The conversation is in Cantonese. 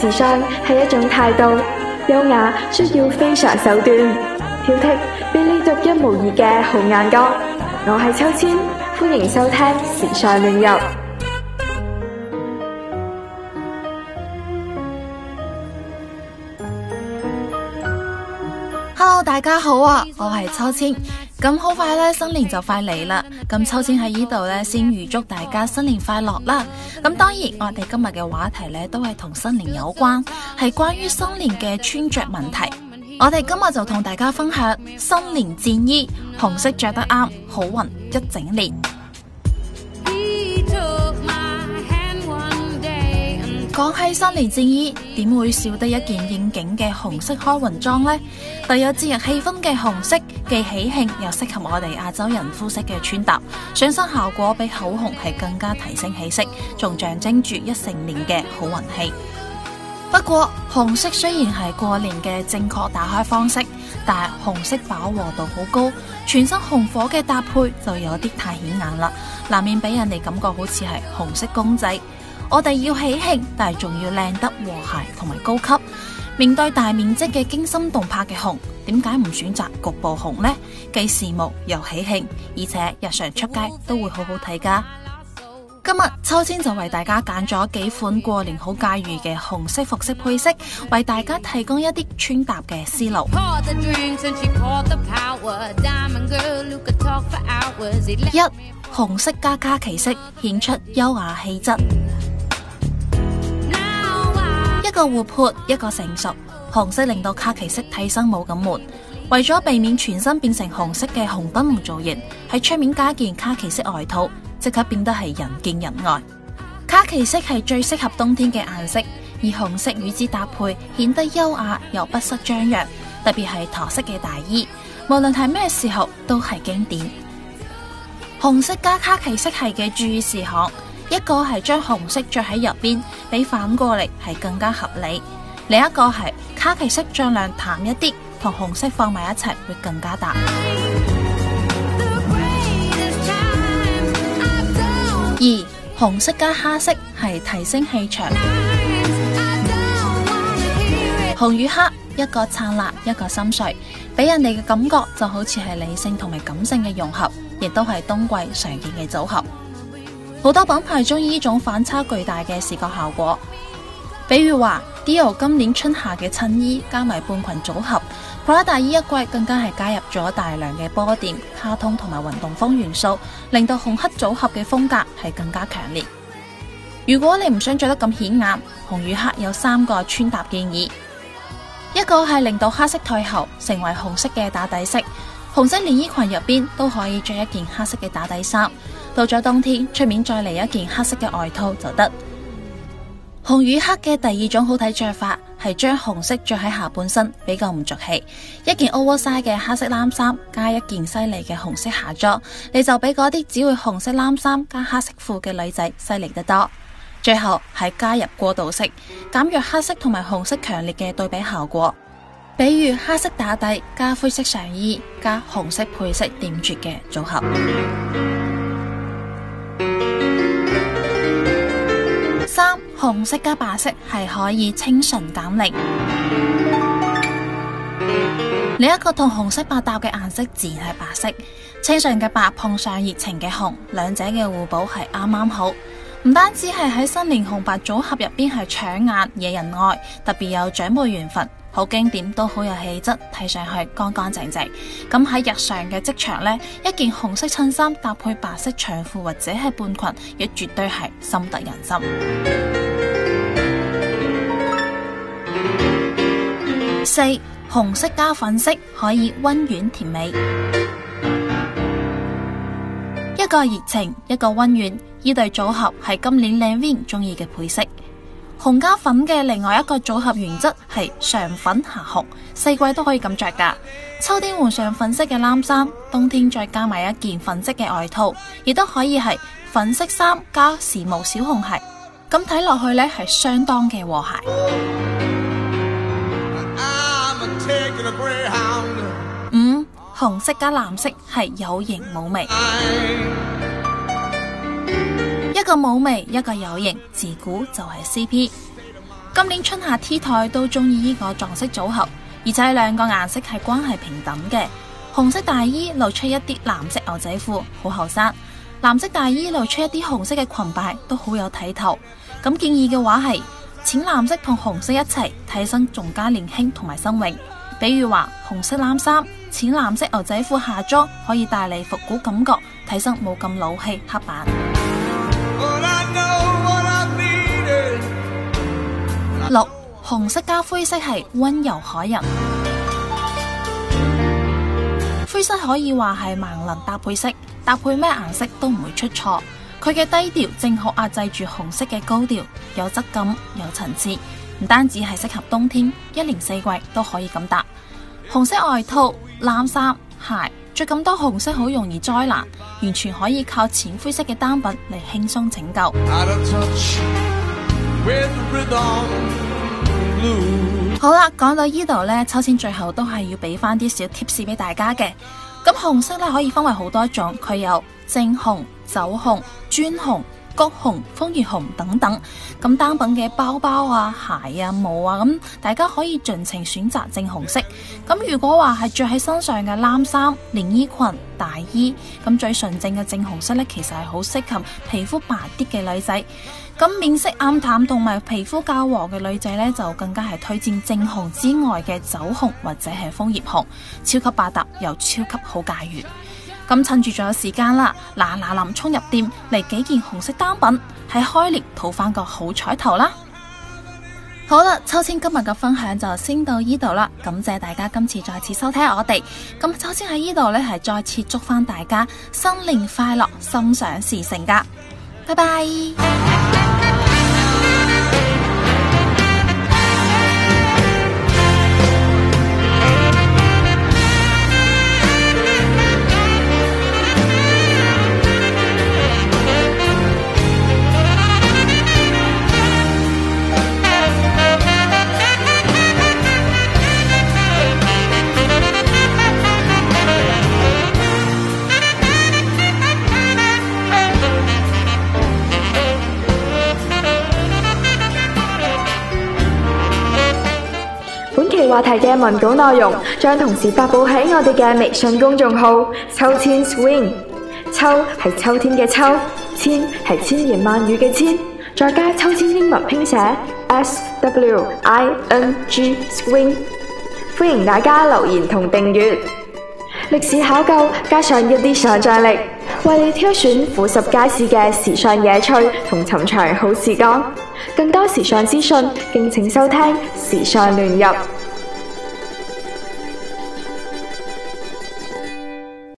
時尚係一種態度，優雅需要非常手段，挑剔俾你獨一無二嘅好眼光。我係秋千，歡迎收聽時尚亂入。Hello，大家好啊，我係秋千。咁好快呢，新年就快嚟啦！咁秋千喺呢度呢，先預祝大家新年快樂啦！咁當然，我哋今日嘅話題呢，都係同新年有關，係關於新年嘅穿着問題。我哋今日就同大家分享新年戰衣，紅色着得啱，好運一整年。講起新年戰衣，點會少得一件應景嘅紅色開運裝呢？特有節日氣氛嘅紅色，既喜慶又適合我哋亞洲人膚色嘅穿搭，上身效果比口紅係更加提升氣色，仲象徵住一整年嘅好運氣。不過紅色雖然係過年嘅正確打開方式，但係紅色飽和度好高，全身紅火嘅搭配就有啲太顯眼啦，難免俾人哋感覺好似係紅色公仔。我哋要喜慶，但係仲要靚得和諧同埋高級。面對大面積嘅驚心動魄嘅紅，點解唔選擇局部紅呢？既時髦又喜慶，而且日常出街都會好好睇噶。今日秋千就為大家揀咗幾款過年好駕馭嘅紅色服飾配色，為大家提供一啲穿搭嘅思路。一紅色加卡其色，顯出優雅氣質。一個活潑，一個成熟。紅色令到卡其色替身冇咁悶。為咗避免全身變成紅色嘅紅燈籠造型，喺出面加件卡其色外套，即刻變得係人見人愛。卡其色係最適合冬天嘅顏色，而紅色與之搭配，顯得優雅又不失張揚。特別係駝色嘅大衣，無論係咩時候都係經典。紅色加卡其色係嘅注意事項。一個係將紅色着喺入邊，比反過嚟係更加合理；另一個係卡其色盡量淡一啲，同紅色放埋一齊會更加搭。二，紅色加黑色係提升氣場，ights, 紅與黑一個燦爛，一個深邃，俾人哋嘅感覺就好似係理性同埋感性嘅融合，亦都係冬季常見嘅組合。好多品牌中意呢種反差巨大嘅視覺效果，比如話 Dior 今年春夏嘅襯衣加埋半裙組合，普拉達依一季更加係加入咗大量嘅波點、卡通同埋運動風元素，令到紅黑組合嘅風格係更加強烈。如果你唔想着得咁顯眼，紅與黑有三個穿搭建議：一個係令到黑色退後，成為紅色嘅打底色；紅色連衣裙入邊都可以着一件黑色嘅打底衫。到咗冬天，出面再嚟一件黑色嘅外套就得。紅與黑嘅第二種好睇着法係將紅色着喺下半身，比較唔俗氣。一件 oversize 嘅黑色冷衫加一件犀利嘅紅色下裝，你就比嗰啲只會紅色冷衫加黑色褲嘅女仔犀利得多。最後係加入過渡色，減弱黑色同埋紅色強烈嘅對比效果，比如黑色打底加灰色上衣加紅色配色點綴嘅組合。三紅色加白色係可以清純減齡， 另一個同紅色百搭嘅顏色自然係白色，清純嘅白碰上熱情嘅紅，兩者嘅互補係啱啱好，唔單止係喺新年紅白組合入邊係搶眼惹人愛，特別有長輩緣分。好經典都好有氣質，睇上去乾乾淨淨。咁喺日常嘅職場呢，一件紅色襯衫搭配白色長褲或者係半裙，亦絕對係深得人心。 四紅色加粉色可以溫婉甜美， 一個熱情，一個溫暖。呢對組合係今年 Lanvin 中意嘅配色。紅加粉嘅另外一個組合原則係上粉下紅，四季都可以咁着噶。秋天換上粉色嘅冷衫，冬天再加埋一件粉色嘅外套，亦都可以係粉色衫加時髦小紅鞋，咁睇落去呢係相當嘅和諧。五紅色加藍色係有型嫵媚。一個嫵媚，一個有型，自古就係 C P。今年春夏 T 台都中意呢個撞色組合，而且兩個顏色係關係平等嘅。紅色大衣露出一啲藍色牛仔褲，好後生；藍色大衣露出一啲紅色嘅裙擺，都好有睇頭。咁建議嘅話係淺藍色同紅色一齊，睇身仲加年輕同埋新穎。比如話紅色冷衫，淺藍色牛仔褲下裝，可以帶嚟複古感覺，睇身冇咁老氣刻板。紅色加灰色係温柔可人，灰色可以話係萬能搭配色，搭配咩顏色都唔會出錯。佢嘅低調正好壓制住紅色嘅高調，有質感，有層次，唔單止係適合冬天，一年四季都可以咁搭。紅色外套、冷衫、鞋，着咁多紅色好容易災難，完全可以靠淺灰色嘅單品嚟輕鬆拯救。嗯、好啦，講到呢度呢，秋千最後都係要畀翻啲小貼士畀大家嘅。咁紅色呢，可以分為好多種，佢有正紅、酒紅、磚紅。橘紅、楓葉紅等等，咁單品嘅包包啊、鞋啊、帽啊咁，大家可以盡情選擇正紅色。咁如果話係着喺身上嘅冷衫、連衣裙、大衣，咁最純正嘅正紅色呢，其實係好適合皮膚白啲嘅女仔。咁面色暗淡同埋皮膚較黃嘅女仔呢，就更加係推薦正紅之外嘅酒紅或者係楓葉紅，超級百搭又超級好駕馭。咁趁住仲有時間啦，嗱嗱臨衝入店嚟幾件紅色單品，喺開年討翻個好彩頭啦！好啦，秋千今日嘅分享就先到呢度啦，感謝大家今次再次收聽我哋，咁秋千喺呢度呢，係再次祝翻大家新年快樂，心想事成噶，拜拜。話題嘅文稿內容將同時發布喺我哋嘅微信公眾號“秋千 swing”。秋係秋天嘅秋，千係千言萬語嘅千，再加秋千英文拼寫 s w i n g swing。歡迎大家留言同訂閱。歷史考究加上一啲想象力，為你挑選富十街市嘅時尚野趣同尋常好時光。更多時尚資訊，敬請收聽《時尚亂入》。